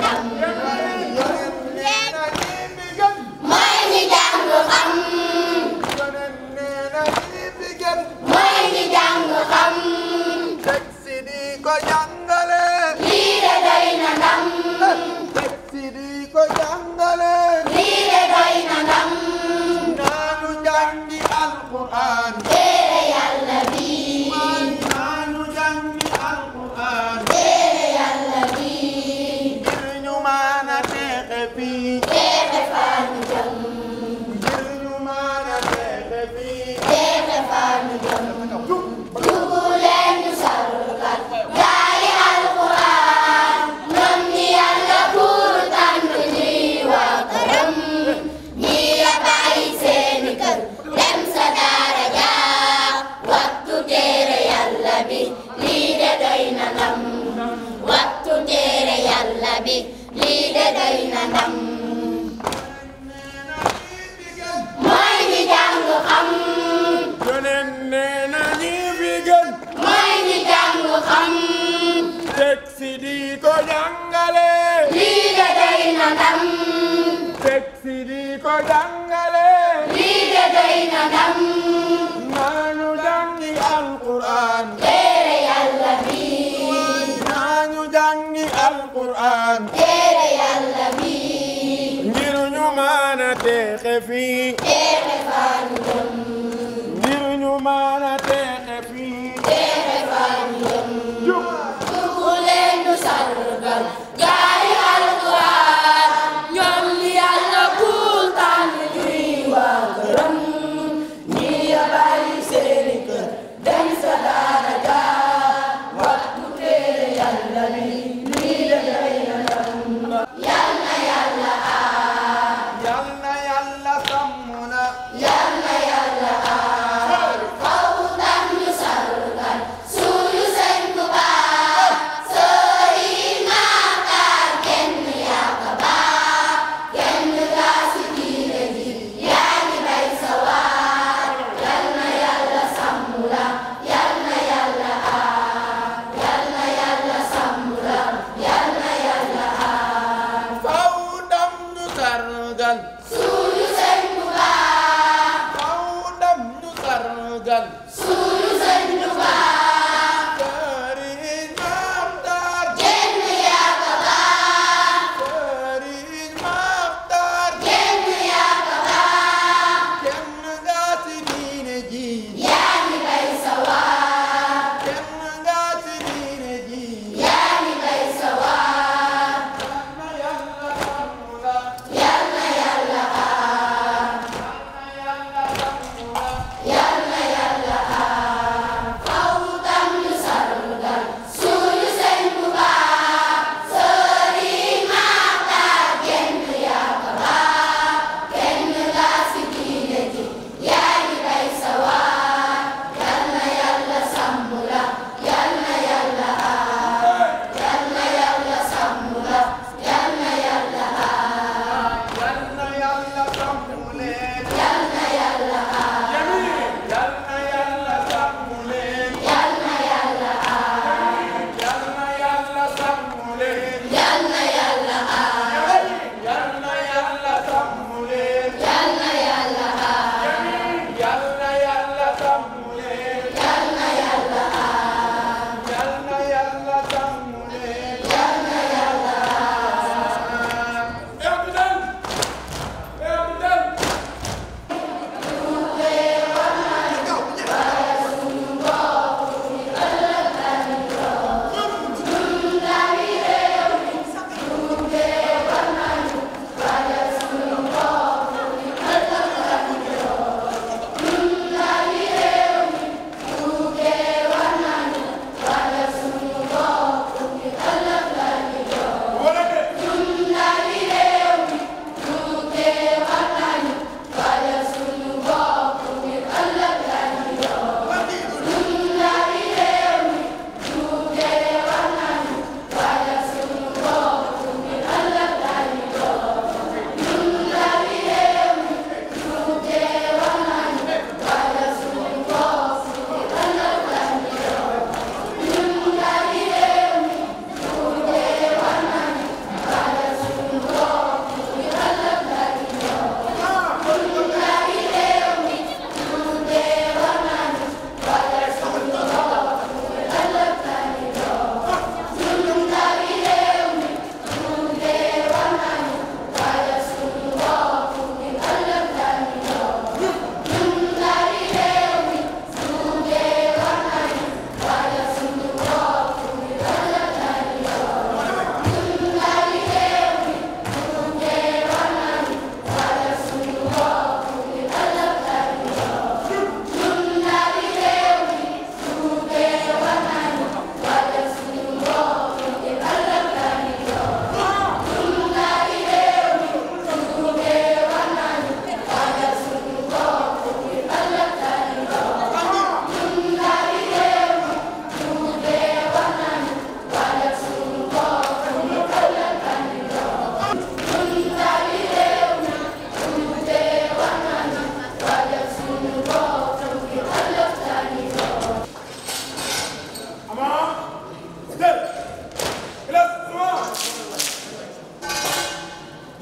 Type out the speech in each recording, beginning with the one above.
Adam. fi. E.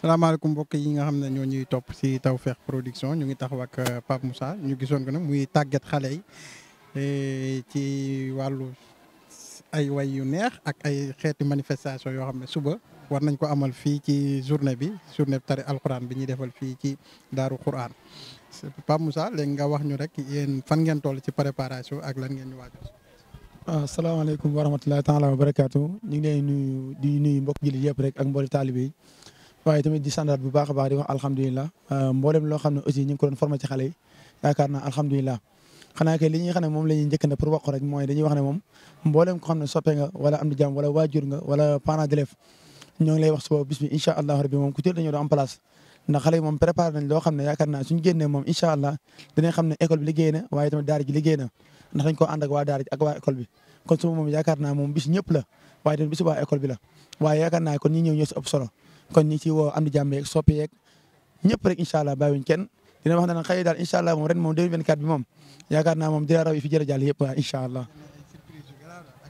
salaamaaleykum mbokk yi nga xam ne ñoo ñuy topp si taw feex Production ñu ngi taxaw ak euh, Pape Moussa ñu gisoon ko nag muy tàggat xale yi e, ci wàllu ay way yu neex ak ay xeeti manifestation yoo xam ne suba war nañ ko amal fii ci journée bi journée bi tari alxuraan bi ñuy defal fii ci daaru xuraan Pape musa léegi nga wax ñu rek yéen fan ngeen toll ci préparation ak lan ngeen ñu waajal. waaw ah, salaamaaleykum wa rahmatulahi taala wa barakaatu ñu ngi lay nuyu di nuyu mbokk jullit yëpp rek ak mbooli taalibe yi waaye tamit di sandaat bu baax a baax di wax alhamdulilah euh, mboolem loo xam ne aussi ñu ngi ko doon formé ci xale yi yaakaar naa alhamdulilah xanaa kay li ñuy xam ne moom la ñuy njëkkante pour wax ko rek mooy dañuy wax ne moom mboolem ko xam ne soppe nga wala am di jàmm ngi lay wax suba bis bi incha allah rabbi moom ku teel dañoo doon am place ndax xam ne yaakaar naa suñu génnee moom incha allah dinañ xam ne na waaye tamit daara ji liggéey na ndax dañ ko ànd ak waa daara a ak waa école bi kon suba moom yaakaar naa moom bis ñëpp la waaye tamit bisu waa école bi la waaye yaakaar naa ko ñi ñëw ñoo si solo kon ñi ci woo am di jàmm yeeg soppi yeeg ñëpp rek incha allah bàyyiwuñ kenn dina wax ne xëy daal incha allah moom ren moom 2024 bi moom yaakaar naa moom dina raw yi fi jërë jàll yëpp waaw incha allah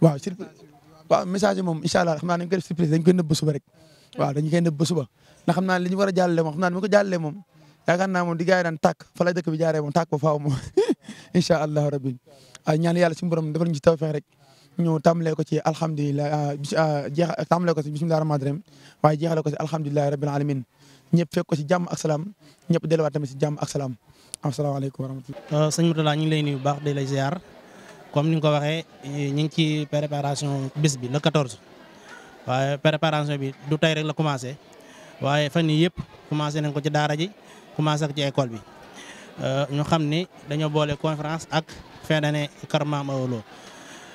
waaw surprise waaw message yi moom incha allah xam naa dañ koy def surprise dañ koy rek waaw dañu koy nëbb suba ndax xam naa li ñu war a jàllale moom xam naa ni ba faaw moom incha allah rabbi ñaan yàlla suñu borom defal ñu ci tawfeex rek ñu tàmbalee ko ci alhamdulilah euh, bis euh, jeex tàmbalee ko ci bisimilah rahmaani rahim waaye jeexale ko ci alhamdulilah rabbil alamin ñëpp fekk ko ci jàmm ak salaam ñëpp delluwaat tamit ci jàmm ak salaam asalaamaaleykum wa rahmatulah. Euh, sëñ Mourtalla ñu ngi lay nuyu bu baax di lay ziar comme ni nga ko waxee ñu ngi ci préparation bis bi le 14 waaye préparation bi du tey rek la commencé waaye fan yii yëpp commencé nañ ko ci daara ji commencé ko ci école bi ñu xam ni dañoo boole conférence ak fin ne Kër Maam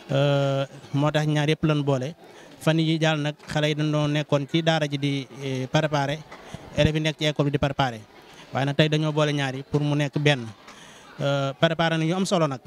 Euh, moo tax ñaar yëpp lañ boole fan yi daal nag xale yi dañoo nekkoon ci daara ji di eh, préparé élèves yi nekk ci école bi di préparé waaye nag tey dañoo boole ñaari pour mu nekk benn euh, préparé na ñu am solo nag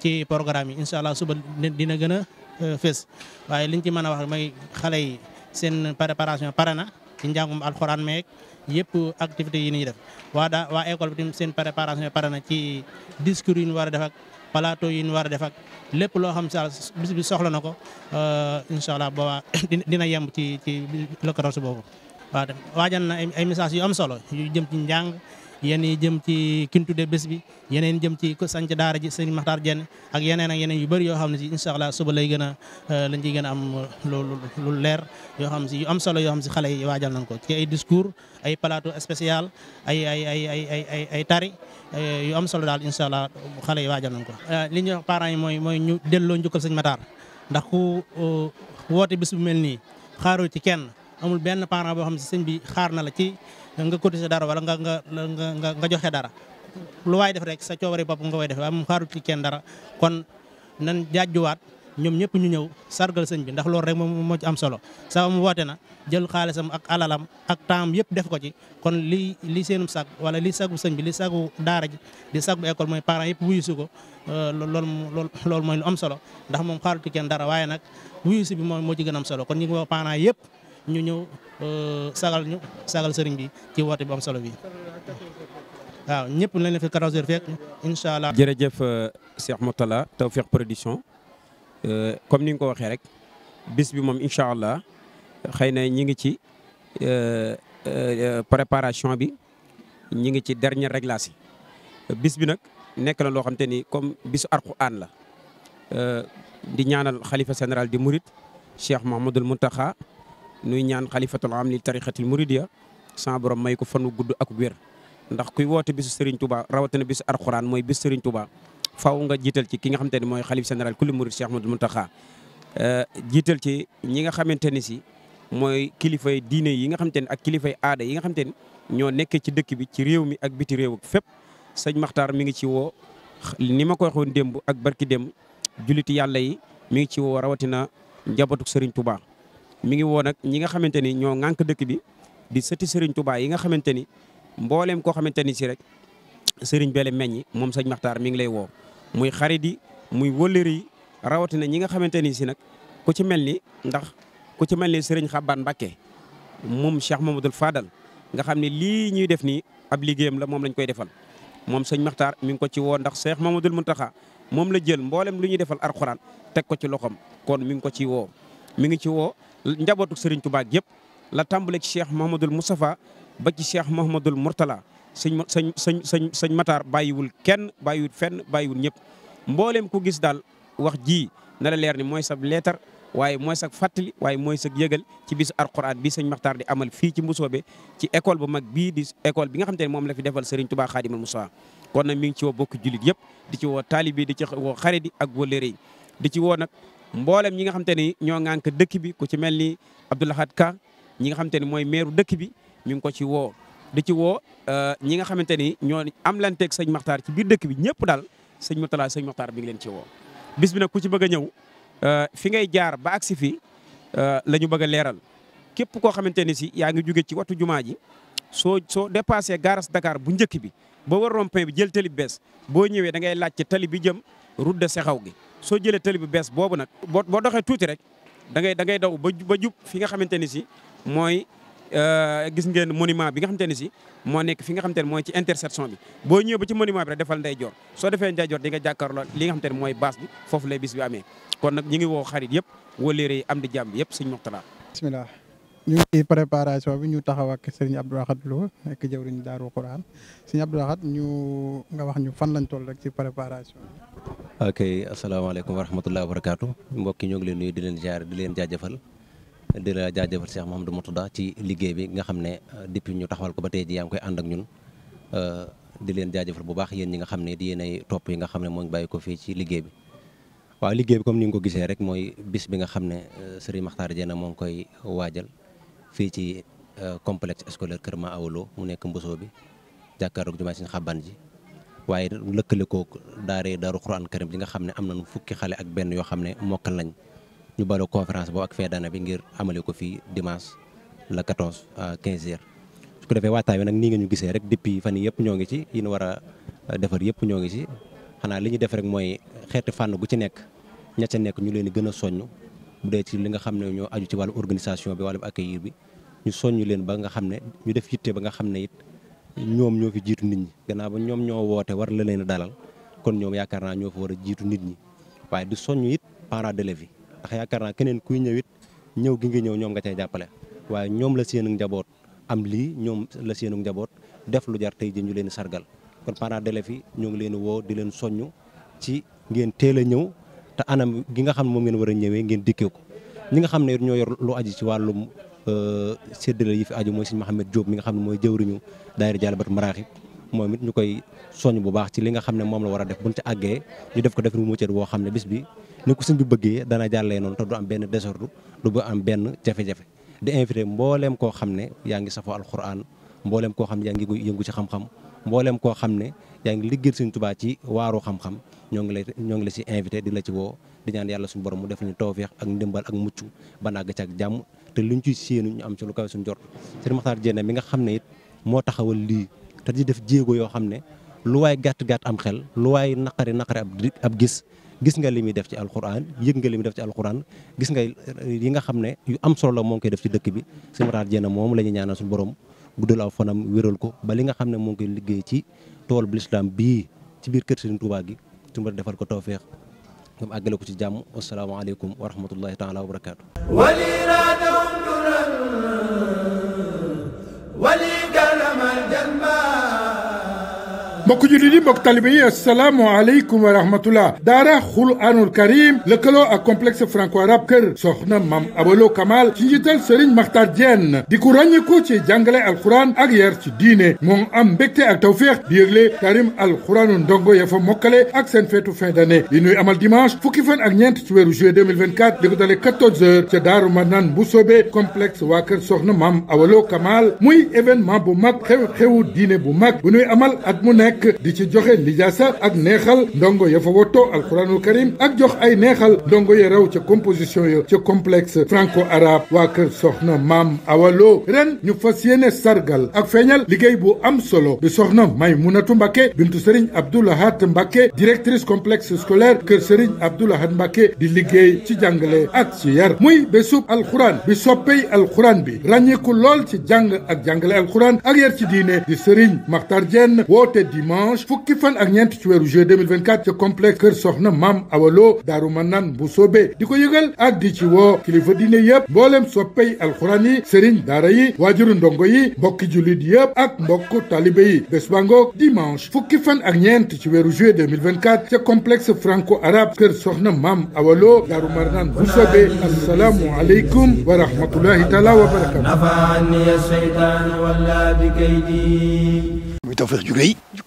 ci programme yi incha allah suba dina gën a euh, fés. waaye liñ ci mën a wax mooy xale yi seen préparation pare na ci njàngum alxuraan meek yëpp activités yi ñuy def waa daa waa école bi tamit seen préparation pare na ci discours yi ñu war a plateau yi ñu war a def ak lépp loo xam sa bis bi soxla na ko euh, incha allah boobaa dina yemb ci ci lëkkaloo si boobu. waaw waajal na ay message yu am solo yu jëm ci njàng. yenn yi jëm ci kin tuddee bés bi yeneen jëm ci ko sanc daara ji sëñ Maxtaar Jeen ak yeneen ak yeneen yu bëri yoo xam ne si incha allah suba lay gën a euh, lañ ci gën a am lu lu leer yoo xam si yu am solo yoo xam si xale yi waajal nañ ko ci ay discours ay plateau spécial ay ay ay ay ay ay tari euh, yu am solo daal incha allah xale yi waajal nañ ko. Euh, li ñuy wax parents yi mooy mooy ñu delloo njukkal sëñ Maxtaar ndax ku woote bés bu mel nii xaaroo ci kenn amul benn parent boo xam si sëñ bi xaar na la c nga cotiser dara wala nga nga nga nga joxe dara lu waay def rek sa coobari bopp nga koy def waaye moom xaarut ci kenn dara kon nan jaajuwaat ñoom ñëpp ñu ñëw sargal sëñ bi ndax loolu rek moom moo ci am solo saa mu woote na jël xaalisam ak alalam ak temps yëpp def ko ci kon li li seenum sag wala li sagu sëñ bi li sagu daara ji di sagu école mooy parents yëpp wuyusu ko euh, loolu loolu mooy lu am solo ndax moom xaarut ci kenn dara waaye nag wuyusu bi moom moo ci gën am solo kon ñu ngi woo yëpp ñu ñëw euh, sagal ñu sagal sëriñ bi ci woote bu am solo bi waaw ñëpp lañ la fi 14 fekk incha allah. jërëjëf euh, Cheikh Moutalla Tawfekh Production euh, comme ni nga ko waxee rek bis bi moom incha allah xëy na ñi ngi ci préparation bi ñi ngi ci dernier réglage yi bis bi nag nekk la loo xam te ni comme bisu Alxuraan la di ñaanal xalifa général di Mouride Cheikh Mouhamadoul Mountakha. nuy ñaan xalifatul am li tarixatil muridiya sama borom may ko fanu gudd ak wér ndax kuy woote bisu Serigne Touba rawatina bisu Alxuraan mooy bis Serigne Touba faw nga jiital ci ki nga xamante ne mooy xalif général kulli murid Cheikh Ahmadou Mountakha euh, jiital ci ñi nga xamante ne si mooy kilifay diine yi nga xamante ne ak kilifay aada yi nga xamante ne ñoo nekke ci dëkk bi ci réew mi ak biti réew ak fépp sëñ Maxtaar mi ngi ci woo ni ma ko waxoon démb ak barki démb julliti yàlla yi mi ngi ci woo rawatina njabootu Serigne Touba. mi ngi woo nag ñi nga xamante ni ñoo ŋànk dëkk bi di sëti sëriñ Touba yi nga xamante ni mbooleem koo xamante ni si rek sëriñ Bele meññi moom sëñ Maxtaar mi ngi lay woo muy xarit yi muy wëllër yi rawatina ñi nga xamante ni si nag ku ci mel ni ndax ku ci mel ni sëriñ Xabbaan Mbàkke moom Cheikh Mamadou Fadal nga xam ni lii ñuy def nii ab liggéeyam la moom lañ koy defal moom sëñ Maxtaar mi ngi ko ci woo ndax seex Cheikh Mamadou Muntaxa moom la jël mboolem lu ñuy defal alxuraan teg ko ci loxoom kon mi ngi ko ci woo njabootu Serigne Touba yëpp la tàmbale ci cheikh Mouhamadul Moustapha ba ci cheikh Mouhamadul Mourtala sëñ sëñ sëñ sëñ sëñ Matar bàyyiwul kenn bàyyiwul fenn bàyyiwul ñëpp. mboolem ku gis daal wax ji na la leer ni mooy sab leetar waaye mooy sag fattali waaye mooy sag yëgal ci bisu alquran bi sëñ Matar di amal fii ci Mbusoobe ci école bu mag bii di école bi nga xam te ne moom la fi defal Serigne Touba Xaadimal Moustapha kon nag mi ngi ci woo bokk jullit yëpp di ci woo taalibe di ci woo xarit yi ak wóllëre di ci woo nag mboolem ñi nga xam te ni ñoo ŋànk dëkk bi ku ci mel ni Abdou Lahad Ka ñi nga xam te ni mooy meeru dëkk bi ñu ngi ko ci woo. di ci woo euh, ñi nga xamante ni ñoo am lanteeg sëñ Maxtaar ci biir dëkk bi ñëpp daal sëñ Moutala sëñ Maxtaar mi ngi leen ci woo. bis bi nag ku ci bëgg a ñëw euh, fi ngay jaar ba agsi fi euh, la ñu bëgg leeral képp koo xamante ni si yaa ngi jugee ci watu jumaa ji soo soo dépassé garas Dakar bu njëkk bi ba war rond bi jël tali bees boo ñëwee da ngay laaj ci tali bi jëm route de Sexaw gi. soo jëlee tëli bu bees boobu nag boo boo doxee tuuti rek da da ngay daw ba ba jub fi nga xamante ni si mooy euh, gis ngeen monument bi nga xamante ni si moo nekk fi nga xamante ne mooy ci intersection bi boo ñëwee ba ci monument bi rek defal ndeyjoor soo defee ndeyjoor di nga jàkkaarloo li nga xamante ne mooy base bi foofu lay bis bi amee kon nag ñu ngi woo xarit yëpp wóoleere yi am di jàmm yëpp sëñ Moxtala bismillah ñu ngi ci préparation bi ñu taxaw ak sëriñ Abdou Ahad Lo nekk jëwriñ Daaru Quran sëriñ Abdou Ahad ñu nga wax ñu fan lañ toll rek ci préparation bi. ok asalaamaaleykum wa rahmatullahi wa barakaatu ñoo ngi leen nuyu di leen ziar di leen jaajëfal di la jaajëfal Cheikh Mouhamadou Mourtada ci liggéey bi nga xam ne euh, depuis ñu taxawal ko ba tey ji yaa ngi koy ànd ak ñun. Euh, di leen jaajëfal bu baax yéen ñi nga xam ne di yéen ay topp yi nga xam ne moo ngi bàyyi ko fii ci liggéey bi waaw liggéey bi comme ni nga ko gisee rek mooy bis bi nga xam ne euh, Serigne Makhtar Diène moo ngi koy waajal fii ci euh, complexe scolaire Kër Ma Awolo mu nekk Mboso bi jàkkaaroog jumaa Sëñ Xaban ji waaye lëkkale ko daaree daaru Quran Karim ji nga xam ne am na nañu fukki xale ak benn yoo xam ne mokkal nañ ñu baloo conférence boo ak feedaana bi ngir amale ko fii dimanche la quatons à 15 heures su ko defee waataay wi nag nii nga ñu gisee rek depuis fan yii yëpp ñoo ngi ci yi ñu war a euh, defar yëpp ñoo ngi ci xanaa li ñu def rek mooy xeeti fànn gu ci nekk ña ca nekk ñu leen di gën a soññ bu dee ci li nga xam ne ñoo aju ci wàllu organisation bi wàllu accueil bi ñu soññu leen ba nga xam ne ñu def yitte ba nga xam ne it ñoom ñoo fi jiitu nit ñi gannaaw ba ñoom ñoo woote war la leen a dalal kon ñoom yaakaar naa ñoo fi war a jiitu nit ñi waaye di soññu it parents d'élèves yi ndax yaakaar naa keneen kuy ñëw it ñëw gi nga ñëw ñoom nga cay jàppale waaye ñoom la seenu njaboot am lii ñoom la seenu njaboot def lu jar tey ji ñu leen sargal kon yi ñoo ngi leen woo di leen soññu ci ngeen teel a ñëw te anam gi nga xam ne moom ngeen war a ñëwee ngeen dikkee ko nga xam ne ñoo yor lu aju ci wàllum euh, séddale yi fi aju mooy sëñ Mouhamed Diop mi nga xam ne mooy jëwriñu daayira Dialibatoul Marakhib moom it ñu koy soñ bu baax ci li nga xam ne moom la war a def buñ ci àggee ñu def ko def mu muccet woo xam ne bis bi ni ko sëñ bi bëggee dana jàllee noonu te du am benn désordre du ba am benn jafe-jafe di invité mbooleem koo xam ne yaa ngi safoo alxuraan mbooleem koo xam ne yaa ngi yëngu ci xam mbooleem koo xam ne yaa ngi liggéeyal sëñ Tuubaa ci waaru xam ñoo ngi lay ñoo ngi la ci invité di la ci woo ñaan yàlla suñu borom mu def ñu tawfeex ak ndimbal ak mucc ba nag ci ak jàmm te luñ ci séenu ñu am ci lu kawe suñu jort Serigne Makhtar Diène mi nga xam ne it moo taxawal lii te di def jéego yoo xam ne lu waay gàtt-gàtt am xel lu waay naqari naqari ab gis gis nga li muy def ci alxuraan yëg nga li muy def ci alxuraan gis nga yi nga xam ne yu am solo moo koy def ci dëkk bi Serigne Makhtar Diène la ñu ñaanal suñu borom guddal aw fanam wéral ko ba li nga xam ne moo ngi koy liggéey ci tool bu lislaam bii ci biir kër Serigne Touba gi suñu borom defal ko tawféex ngam àggale ko ci jàmm asalaamaaleykum wa rahmatullahi taala wa barakaatu wali raadam duran wali galamal janna mbokk jullit yi mbokk talibe yi asalaamualeykum wa rahmatullah daara xuraanul karim lëkkaloo ak complexe franco arabe kër soxna mam abalo kamal ci njiital sëriñ maxtaar jenn di ku ràññeeku ci jàngale alxuraan ak yar ci diine moom am mbégte ak tawféex di yëgle karim alxuraanu ndongo ya fa mokkale ak seen feetu fin d'année li ñuy amal dimanche fukki fan ak ñeent ci weeru juillet 2024 di ko dalee 14 heures ca daaru manaan bu soobee complexe waa kër soxna mam abalo kamal muy événement bu mag xew diine bu mag bu ñuy amal at mu nekk nekk di ci joxe lijaasa ak neexal ndongo ya fa woto alxuraanul karim ak jox ay neexal ndongo ya raw ca composition ya ca complexe franco arabe waa kër soxna maam awalo ren ñu fa yéene sargal ak feeñal liggéey bu am solo bi soxna Maymunatu Mbàkke bintu Serigne Abdou Lahat Mbàkke directrice complexe scolaire kër Serigne Abdou Lahat di liggéey ci jàngale ak ci yar muy bésub alxuraan bi soppey alxuraan bi ràññiku lool ci jàng ak jàngale alxuraan ak yar dimanche fukki fan ak ñeent ci weeru juillet 2024 ca complexe kër soxna maam awaloo daaru manaan bu soobee di ko yëgal ak di ci woo kilifa diine yëpp mbooleem soppey alxuraan yi sëriñ daara yi waajuru yi mbokki jullit yëpp ak mbokku talibe yi bés bango fukki fan ak ñeent ci weeru juillet 2024 ca complexe franco arabe kër soxna maam awaloo daaru manaan bu soobee assalaamu aleykum wa rahmatullahi taala wa barakatu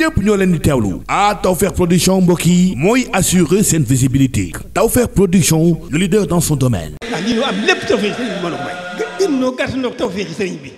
lépp ñoo leen di teewlu ta Tawfekh production mbokk yi mooy assurer seen visibilité Tawfekh production le leader dans son domaine. ah lii am lépp Tawfekh sëriñ bi mën a may.